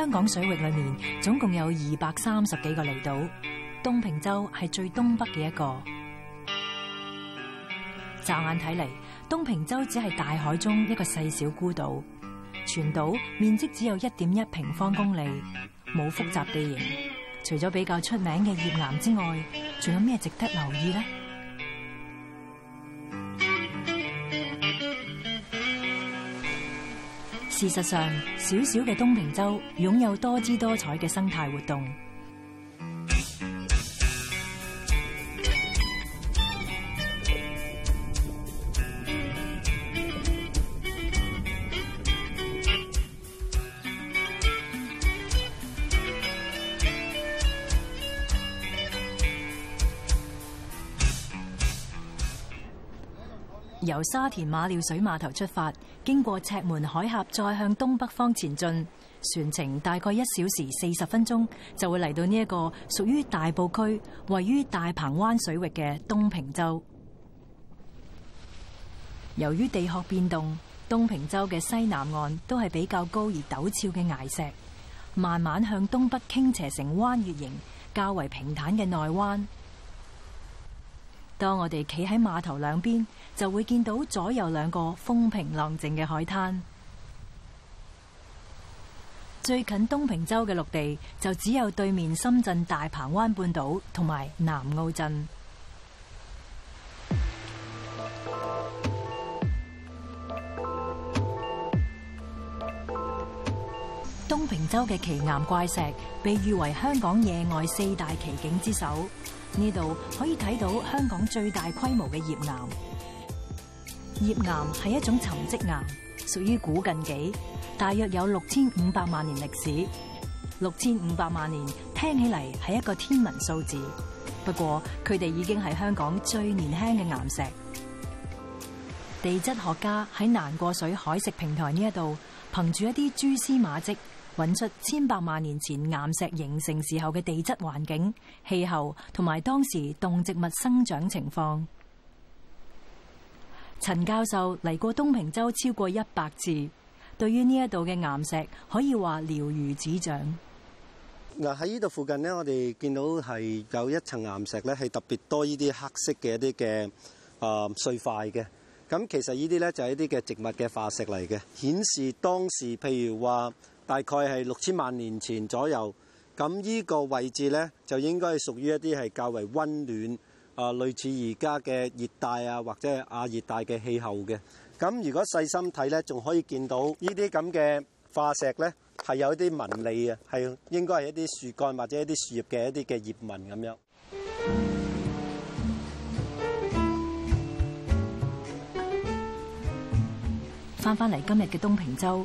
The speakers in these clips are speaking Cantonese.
香港水域裏面總共有二百三十幾個離島，東平洲係最東北嘅一個。乍眼睇嚟，東平洲只係大海中一個細小孤島，全島面積只有一點一平方公里，冇複雜地形。除咗比較出名嘅頁岩之外，仲有咩值得留意呢？事實上，小小嘅東平洲擁有多姿多彩嘅生態活動。由沙田馬料水碼頭出發，經過赤門海峽，再向東北方前進，船程大概一小時四十分鐘，就會嚟到呢一個屬於大埔區、位於大鵬灣水域嘅東平洲。由於地殼變動，東平洲嘅西南岸都係比較高而陡峭嘅崖石，慢慢向東北傾斜成彎月形，較為平坦嘅內灣。當我哋企喺碼頭兩邊，就會見到左右兩個風平浪靜嘅海灘。最近東平洲嘅陸地，就只有對面深圳大鵬灣半島同埋南澳鎮。東平洲嘅奇岩怪石被譽為香港野外四大奇景之首。呢度可以睇到香港最大規模嘅葉岩。葉岩係一種沉積岩，屬於古近紀，大約有六千五百萬年歷史。六千五百萬年聽起嚟係一個天文數字，不過佢哋已經係香港最年輕嘅岩石。地質學家喺難過水海蝕平台呢一度，憑住一啲蛛絲馬跡。揾出千百萬年前岩石形成時候嘅地質環境、氣候同埋當時動植物生長情況。陳教授嚟過東平洲超過一百次，對於呢一度嘅岩石可以話了如指掌。嗱，喺呢度附近呢，我哋見到係有一層岩石咧，係特別多呢啲黑色嘅一啲嘅啊碎塊嘅。咁其實呢啲咧就係一啲嘅植物嘅化石嚟嘅，顯示當時譬如話。大概係六千萬年前左右，咁呢個位置呢，就應該係屬於一啲係較為溫暖啊、呃，類似而家嘅熱帶啊，或者係亞熱帶嘅氣候嘅。咁如果細心睇呢，仲可以見到呢啲咁嘅化石呢，係有一啲紋理嘅，係應該係一啲樹幹或者一啲樹葉嘅一啲嘅葉紋咁樣。翻返嚟今日嘅東平洲。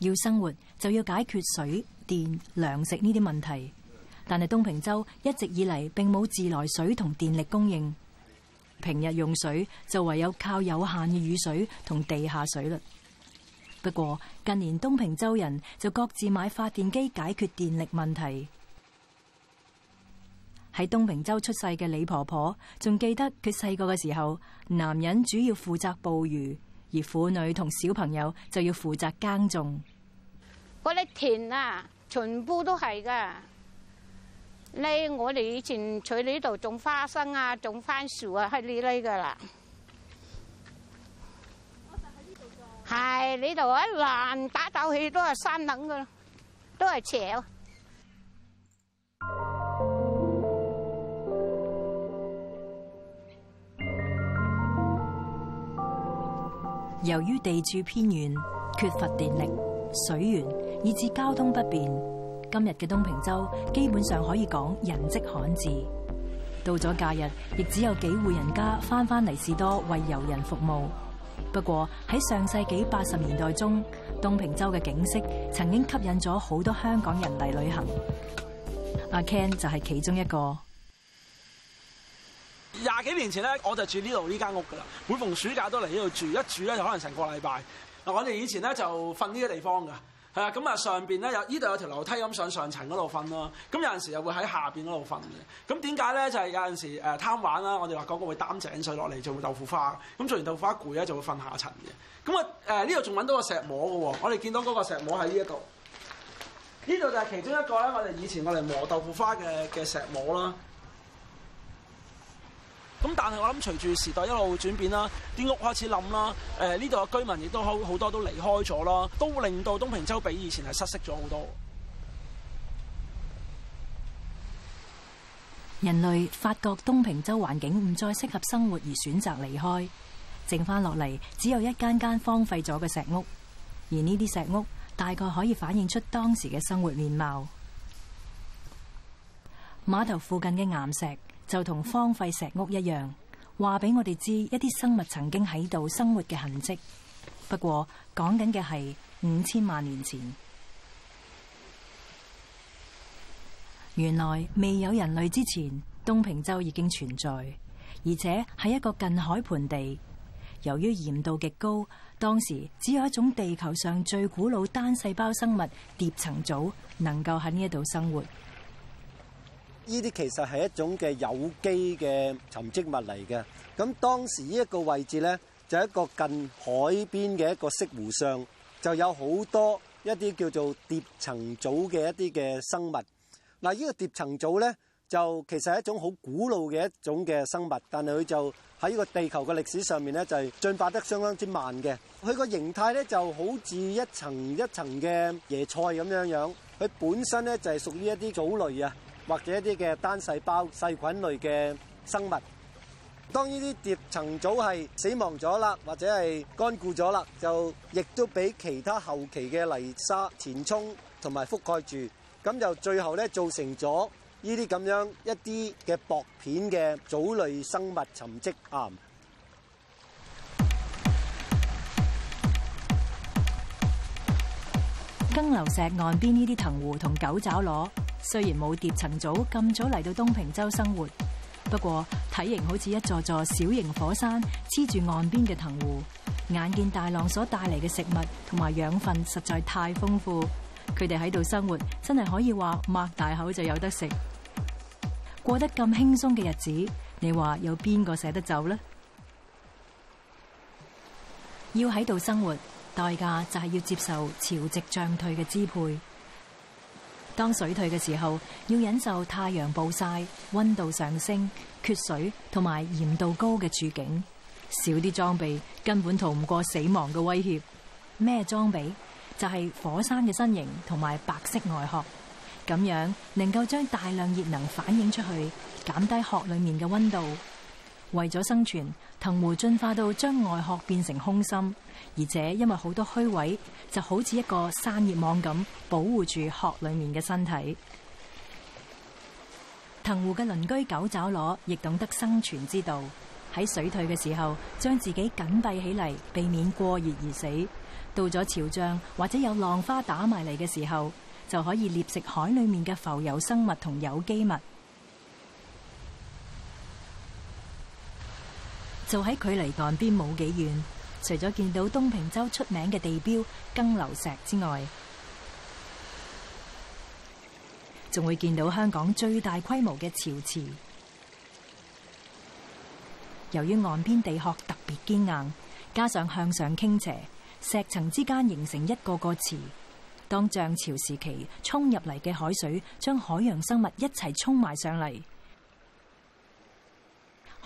要生活就要解決水電糧食呢啲問題，但係東平洲一直以嚟並冇自來水同電力供應，平日用水就唯有靠有限嘅雨水同地下水嘞。不過近年東平洲人就各自買發電機解決電力問題。喺東平洲出世嘅李婆婆仲記得佢細個嘅時候，男人主要負責捕魚。而婦女同小朋友就要負責耕種。嗰啲田啊，全部都係噶。呢，我哋以前喺呢度種花生啊，種番薯啊，係呢啲噶啦。係呢度一爛打鬥起都係山嚟噶，都係斜。由於地處偏遠，缺乏電力、水源，以至交通不便。今日嘅東平洲基本上可以講人跡罕至。到咗假日，亦只有幾戶人家翻返嚟士多為遊人服務。不過喺上世紀八十年代中，東平洲嘅景色曾經吸引咗好多香港人嚟旅行。阿 Ken 就係其中一個。廿幾年前咧，我就住呢度呢間屋噶啦。每逢暑假都嚟呢度住，一住咧就可能成個禮拜。嗱，我哋以前咧就瞓呢啲地方噶，係啊。咁啊，上邊咧有呢度有條樓梯咁上上層嗰度瞓咯。咁有陣時候又會喺下邊嗰度瞓嘅。咁點解咧？就係、是、有陣時誒、呃、貪玩啦。我哋話講過會擔井水落嚟做豆腐花，咁做完豆腐花攰咧就會瞓下層嘅。咁啊誒呢度仲揾到個石磨嘅喎。我哋見到嗰個石磨喺呢一度，呢度就係其中一個咧。我哋以前我哋磨豆腐花嘅嘅石磨啦。咁但係我諗，隨住時代一路轉變啦，啲屋開始冧啦，誒呢度嘅居民亦都好好多都離開咗啦，都令到東平洲比以前係失色咗好多。人類發覺東平洲環境唔再適合生活而選擇離開剩剩翻落嚟只有一間間荒廢咗嘅石屋，而呢啲石屋大概可以反映出當時嘅生活面貌。碼頭附近嘅岩石。就同荒廢石屋一樣，話俾我哋知一啲生物曾經喺度生活嘅痕跡。不過講緊嘅係五千萬年前，原來未有人類之前，東平洲已經存在，而且係一個近海盆地。由於鹽度極高，當時只有一種地球上最古老單細胞生物疊層藻能夠喺呢度生活。依啲其實係一種嘅有機嘅沉積物嚟嘅。咁當時依一個位置咧，就係一個近海邊嘅一個潟湖上，就有好多一啲叫做疊層藻嘅一啲嘅生物。嗱，依個疊層藻咧，就其實係一種好古老嘅一種嘅生物，但係佢就喺依個地球嘅歷史上面咧，就係進化得相當之慢嘅。佢個形態咧就好似一層一層嘅椰菜咁樣樣。佢本身咧就係屬於一啲藻類啊。或者一啲嘅單細胞細菌類嘅生物，當呢啲疊層藻係死亡咗啦，或者係乾固咗啦，就亦都俾其他後期嘅泥沙填充同埋覆蓋住，咁就最後咧造成咗呢啲咁樣一啲嘅薄片嘅藻類生物沉積岩。更樓石岸邊呢啲藤壺同狗爪螺。雖然冇疊層藻咁早嚟到東平洲生活，不過體型好似一座座小型火山，黐住岸邊嘅藤壺。眼見大浪所帶嚟嘅食物同埋養分實在太豐富，佢哋喺度生活真係可以話擘大口就有得食。過得咁輕鬆嘅日子，你話有邊個捨得走呢？要喺度生活，代價就係要接受潮汐漲退嘅支配。當水退嘅時候，要忍受太陽暴曬、温度上升、缺水同埋鹽度高嘅處境，少啲裝備根本逃唔過死亡嘅威脅。咩裝備？就係火山嘅身形同埋白色外殼，咁樣能夠將大量熱能反映出去，減低殼裏面嘅温度。為咗生存，藤壺進化到將外殼變成空心，而且因為好多虛位，就好似一個散熱網咁，保護住殼裏面嘅身體。藤壺嘅鄰居狗爪螺亦懂得生存之道，喺水退嘅時候，將自己緊閉起嚟，避免過熱而死。到咗潮漲或者有浪花打埋嚟嘅時候，就可以獵食海裏面嘅浮游生物同有機物。就喺距離岸邊冇幾遠，除咗見到東平洲出名嘅地標更樓石之外，仲會見到香港最大規模嘅潮池。由於岸邊地殼特別堅硬，加上向上傾斜，石層之間形成一個個池。當漲潮時期，沖入嚟嘅海水將海洋生物一齊沖埋上嚟。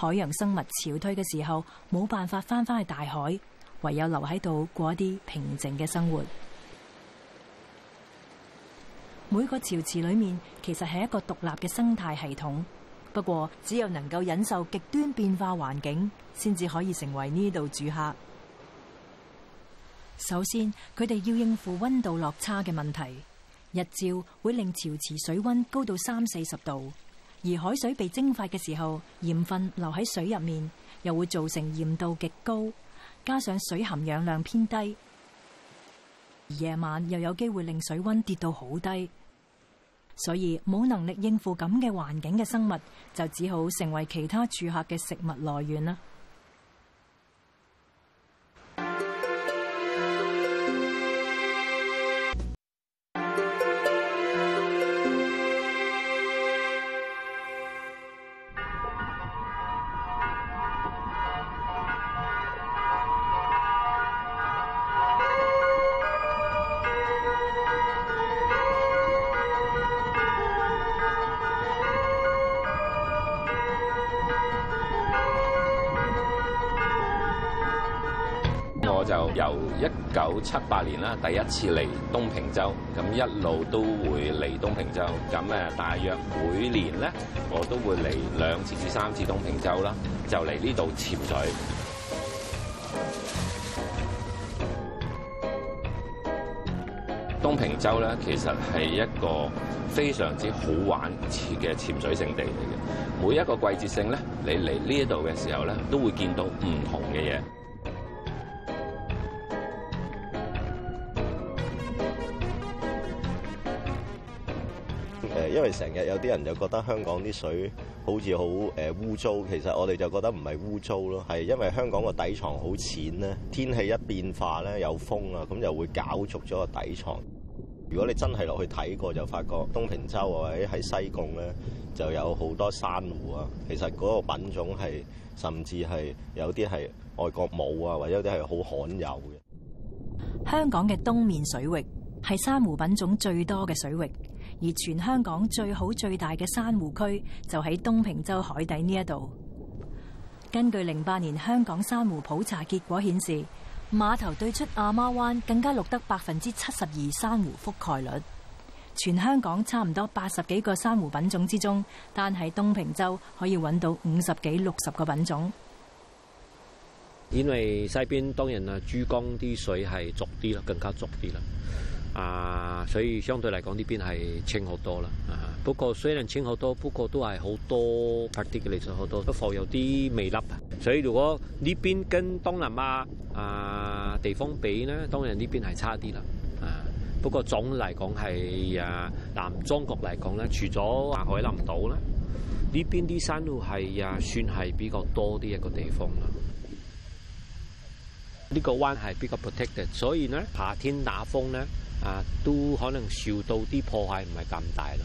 海洋生物潮退嘅時候，冇辦法翻返去大海，唯有留喺度過一啲平靜嘅生活。每個潮池裏面其實係一個獨立嘅生態系統，不過只有能夠忍受極端變化環境，先至可以成為呢度住客。首先，佢哋要應付溫度落差嘅問題，日照會令潮池水溫高到三四十度。而海水被蒸發嘅時候，鹽分留喺水入面，又會造成鹽度極高。加上水含氧量偏低，夜晚又有機會令水溫跌到好低，所以冇能力應付咁嘅環境嘅生物，就只好成為其他住客嘅食物來源啦。我就由一九七八年啦，第一次嚟東平洲，咁一路都會嚟東平洲。咁誒，大約每年咧，我都會嚟兩次至三次東平洲啦，就嚟呢度潛水。東平洲咧，其實係一個非常之好玩嘅潛水勝地嚟嘅。每一個季節性咧，你嚟呢一度嘅時候咧，都會見到唔同嘅嘢。因為成日有啲人就覺得香港啲水好似好誒污糟，其實我哋就覺得唔係污糟咯，係因為香港個底床好淺咧，天氣一變化咧，有風啊，咁就會攪濁咗個底床。如果你真係落去睇過，就發覺東平洲啊，或者係西貢咧，就有好多珊瑚啊。其實嗰個品種係甚至係有啲係外國冇啊，或者有啲係好罕有嘅。香港嘅東面水域係珊瑚品種最多嘅水域。而全香港最好最大嘅珊瑚區就喺東平洲海底呢一度。根據零八年香港珊瑚普查結果顯示，碼頭對出亞媽灣更加錄得百分之七十二珊瑚覆蓋率。全香港差唔多八十幾個珊瑚品種之中，單喺東平洲可以搵到五十幾六十個品種。因為西邊當然啦，珠江啲水係濁啲啦，更加濁啲啦。啊，所以相對嚟講呢邊係清好多啦，啊。不過雖然清好多，不過都係好多 part 啲嘅離水好多，都浮有啲微粒。所以如果呢邊跟東南亞啊地方比咧，當然呢邊係差啲啦。啊，不過總嚟講係啊，南中國嚟講咧，除咗海南島啦，呢邊啲山路係啊算係比較多啲一個地方啦。呢、呢個灣係比較 protected，所以咧夏天打風咧。啊，都可能受到啲破壞，唔係咁大咯。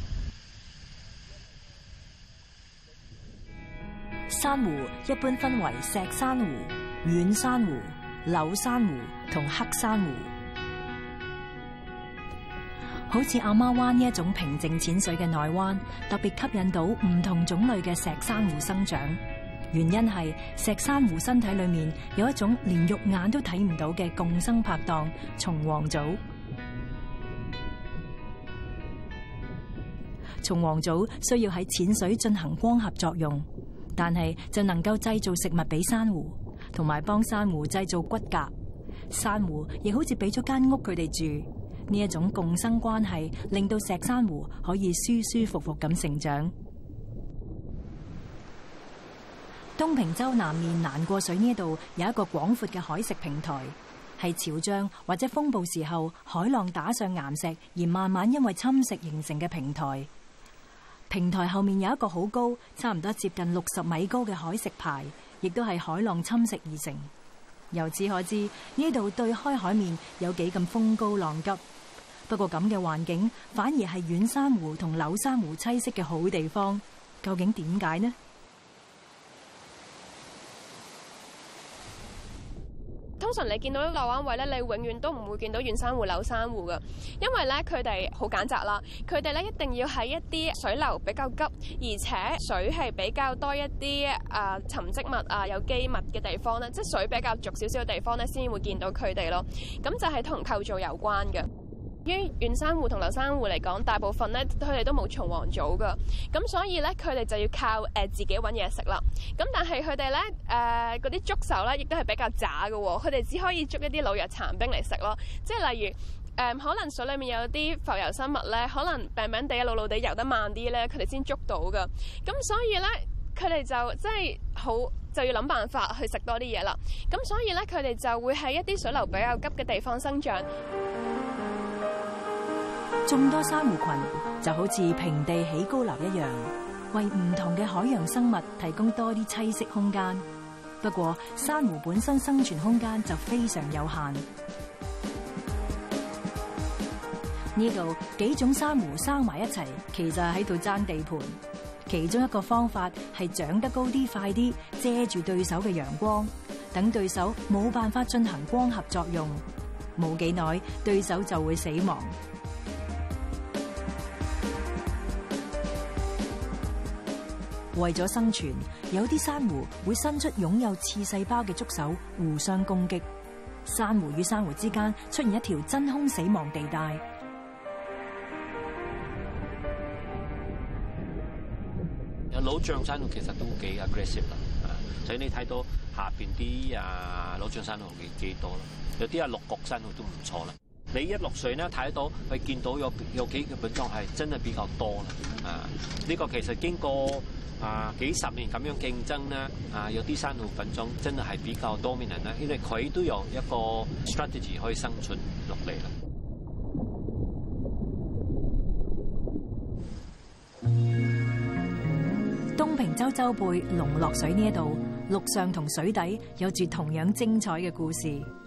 珊瑚一般分為石珊瑚、軟珊瑚、柳珊瑚同黑珊瑚。好似阿媽灣呢一種平靜淺水嘅內灣，特別吸引到唔同種類嘅石珊瑚生長。原因係石珊瑚身體裏面有一種連肉眼都睇唔到嘅共生拍檔——蟲黃藻。叢蟲黃藻需要喺淺水進行光合作用，但係就能夠製造食物俾珊瑚，同埋幫珊瑚製造骨骼。珊瑚亦好似俾咗間屋佢哋住，呢一種共生關係，令到石珊瑚可以舒舒服服咁成長。東平洲南面難過水呢度有一個廣闊嘅海蝕平台，係潮漲或者風暴時候海浪打上岩石而慢慢因為侵蝕形成嘅平台。平台後面有一個好高，差唔多接近六十米高嘅海蝕崖，亦都係海浪侵蝕而成。由此可知，呢度對開海面有幾咁風高浪急。不過咁嘅環境反而係軟珊瑚同柳珊瑚棲息嘅好地方。究竟點解呢？通常你見到啲流灣位咧，你永遠都唔會見到軟珊瑚、柳珊瑚㗎，因為咧佢哋好揀擇啦，佢哋咧一定要喺一啲水流比較急，而且水係比較多一啲啊、呃、沉積物啊、呃、有機物嘅地方咧，即係水比較濁少少嘅地方咧，先會見到佢哋咯。咁就係同構造有關嘅。於軟珊瑚同柳珊瑚嚟講，大部分咧，佢哋都冇蟲黃藻噶，咁所以咧，佢哋就要靠誒、呃、自己搵嘢食啦。咁但係佢哋咧，誒嗰啲觸手咧，亦都係比較渣噶。佢哋只可以捉一啲老弱殘兵嚟食咯。即係例如，誒、呃、可能水裏面有啲浮游生物咧，可能病病地、老老地游得慢啲咧，佢哋先捉到噶。咁所以咧，佢哋就即係好就要諗辦法去食多啲嘢啦。咁所以咧，佢哋就會喺一啲水流比較急嘅地方生長。眾多珊瑚群就好似平地起高樓一樣，為唔同嘅海洋生物提供多啲棲息空間。不過，珊瑚本身生存空間就非常有限。呢度幾種珊瑚生埋一齊，其實喺度爭地盤。其中一個方法係長得高啲、快啲，遮住對手嘅陽光，等對手冇辦法進行光合作用，冇幾耐對手就會死亡。為咗生存，有啲珊瑚會伸出擁有刺細胞嘅觸手，互相攻擊。珊瑚與珊瑚之間出現一條真空死亡地帶。有老象珊瑚其實都幾 aggressive 啦，啊，所以你睇到下邊啲啊老象珊瑚幾幾多啦，有啲啊鹿角珊瑚都唔錯啦。你一落水咧睇到，佢見到有有幾個品種係真係比較多啦，啊，呢個其實經過。啊！幾十年咁樣競爭咧，啊，有啲生物品種真係係比較 dominant 啦，因為佢都有一個 strategy 可以生存落嚟啦。東平洲洲背龍落水呢一度，陸上同水底有住同樣精彩嘅故事。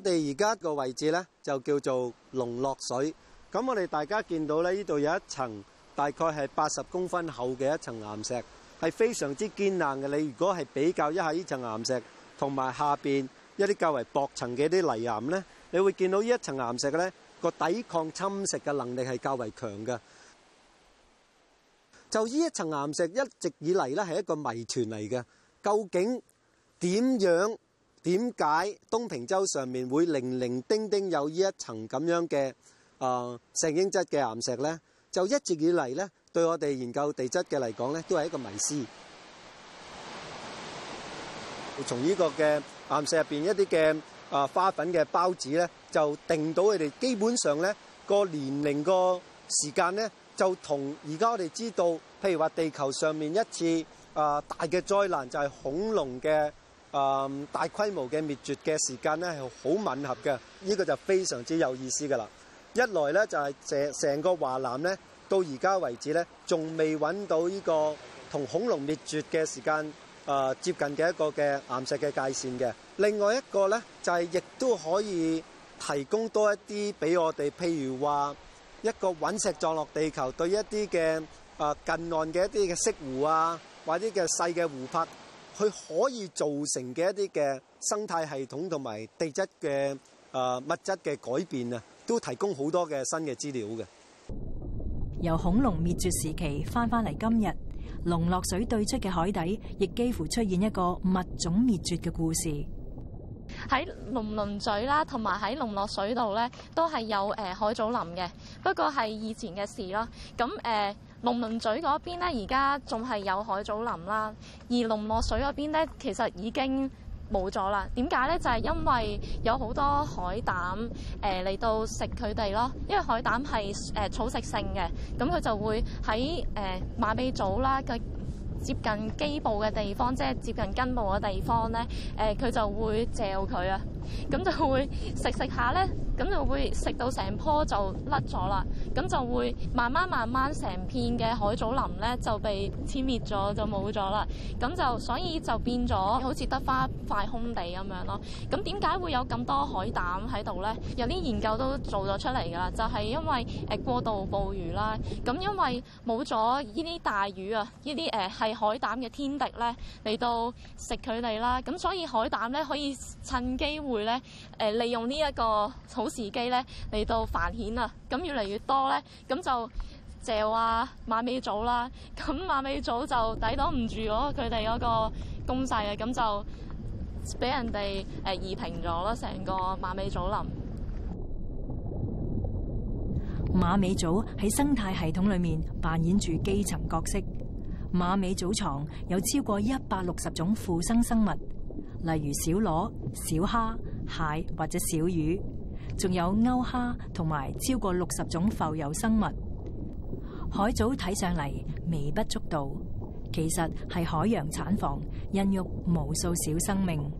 我哋而家個位置呢，就叫做龍落水。咁我哋大家見到呢度有一層大概係八十公分厚嘅一層岩石，係非常之堅硬嘅。你如果係比較一下呢層岩石同埋下邊一啲較為薄層嘅啲泥岩呢，你會見到呢一層岩石嘅呢個抵抗侵蝕嘅能力係較為強嘅。就呢一層岩石一直以嚟呢，係一個謎團嚟嘅，究竟點樣？點解東平洲上面會零零丁丁有呢一層咁樣嘅啊石英質嘅岩石咧？就一直以嚟咧，對我哋研究地質嘅嚟講咧，都係一個迷思。從呢個嘅岩石入邊一啲嘅啊花粉嘅孢子咧，就定到佢哋基本上咧，個年齡個時間咧，就同而家我哋知道，譬如話地球上面一次啊大嘅災難就係恐龍嘅。誒、um, 大規模嘅滅絕嘅時間呢係好吻合嘅，呢、這個就非常之有意思㗎喇。一來呢，就係成成個華南呢，到而家為止呢，仲未揾到呢、這個同恐龍滅絕嘅時間誒、呃、接近嘅一個嘅岩石嘅界線嘅。另外一個呢，就係、是、亦都可以提供多一啲俾我哋，譬如話一個隕石撞落地球對一啲嘅誒近岸嘅一啲嘅色湖啊，或者嘅細嘅湖泊。佢可以造成嘅一啲嘅生態系統同埋地質嘅誒物質嘅改變啊，都提供好多嘅新嘅資料嘅。由恐龍滅絕時期翻返嚟今日，龍落水對出嘅海底，亦幾乎出現一個物種滅絕嘅故事。喺龍鱗嘴啦，同埋喺龍落水度咧，都係有誒、呃、海藻林嘅，不過係以前嘅事咯。咁誒。呃龍門嘴嗰邊咧，而家仲係有海藻林啦，而龍落水嗰邊咧，其實已經冇咗啦。點解咧？就係、是、因為有好多海膽誒嚟、呃、到食佢哋咯，因為海膽係、呃、草食性嘅，咁佢就會喺誒、呃、馬尾藻啦嘅。呃接近基部嘅地方，即係接近根部嘅地方咧，誒佢就會嚼佢啊，咁就會食食下咧，咁就會食到成棵就甩咗啦，咁就會慢慢慢慢成片嘅海藻林咧就被殲滅咗，就冇咗啦，咁就所以就變咗好似得翻塊空地咁樣咯。咁點解會有咁多海膽喺度咧？有啲研究都做咗出嚟啦，就係因為誒過度捕魚啦，咁因為冇咗呢啲大魚啊，呢啲誒係。海膽嘅天敵咧嚟到食佢哋啦，咁所以海膽咧可以趁機會咧，誒、呃、利用呢一個好時機咧嚟到繁衍啊，咁越嚟越多咧，咁就淨係話馬尾藻啦，咁馬尾藻就抵擋唔住咗佢哋嗰個攻勢啊，咁就俾人哋誒移平咗咯，成個馬尾藻林。馬尾藻喺生態系統裏面扮演住基層角色。馬尾藻床有超過一百六十種附生生物，例如小螺、小蝦、蟹，或者小魚，仲有鈎蝦同埋超過六十種浮游生物。海藻睇上嚟微不足道，其實係海洋產房，孕育無數小生命。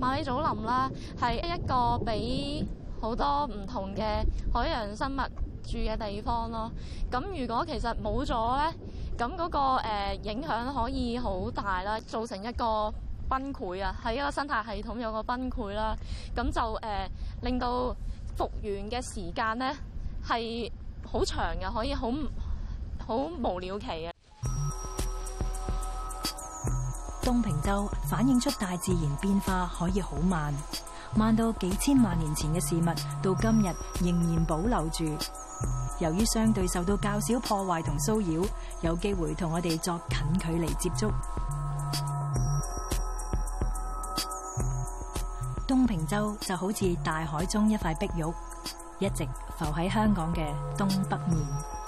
馬尾藻林啦，係一個俾好多唔同嘅海洋生物住嘅地方咯。咁如果其實冇咗咧？咁嗰個誒影響可以好大啦，造成一個崩潰啊，喺一個生態系統有個崩潰啦，咁就誒令到復原嘅時間呢係好長嘅，可以好好無了期嘅。東平洲反映出大自然變化可以好慢，慢到幾千萬年前嘅事物到今日仍然保留住。由於相對受到較少破壞同騷擾，有機會同我哋作近距離接觸。東平洲就好似大海中一塊碧玉，一直浮喺香港嘅東北面。